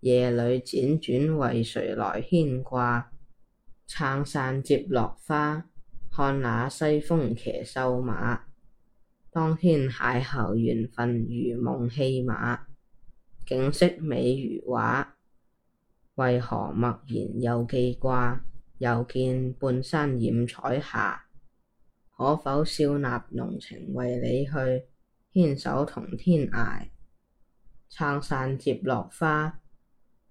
夜裏輾轉為誰來牽掛？撐傘接落花，看那西風騎瘦馬。當天邂逅緣分如夢戲碼，景色美如畫。為何默然又記掛？又見半山染彩霞。可否笑納濃情為你去牽手同天涯？撐傘接落花。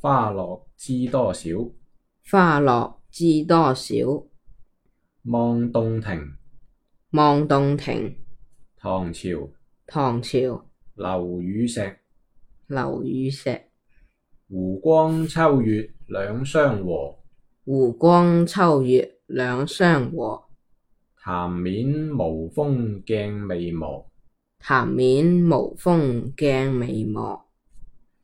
花落知多少。花落知多少。望洞庭。望洞庭。唐朝。唐朝。劉禹錫。劉禹錫。湖光秋月兩相和。湖光秋月兩相和。潭面無風鏡未磨。潭面無風鏡未磨。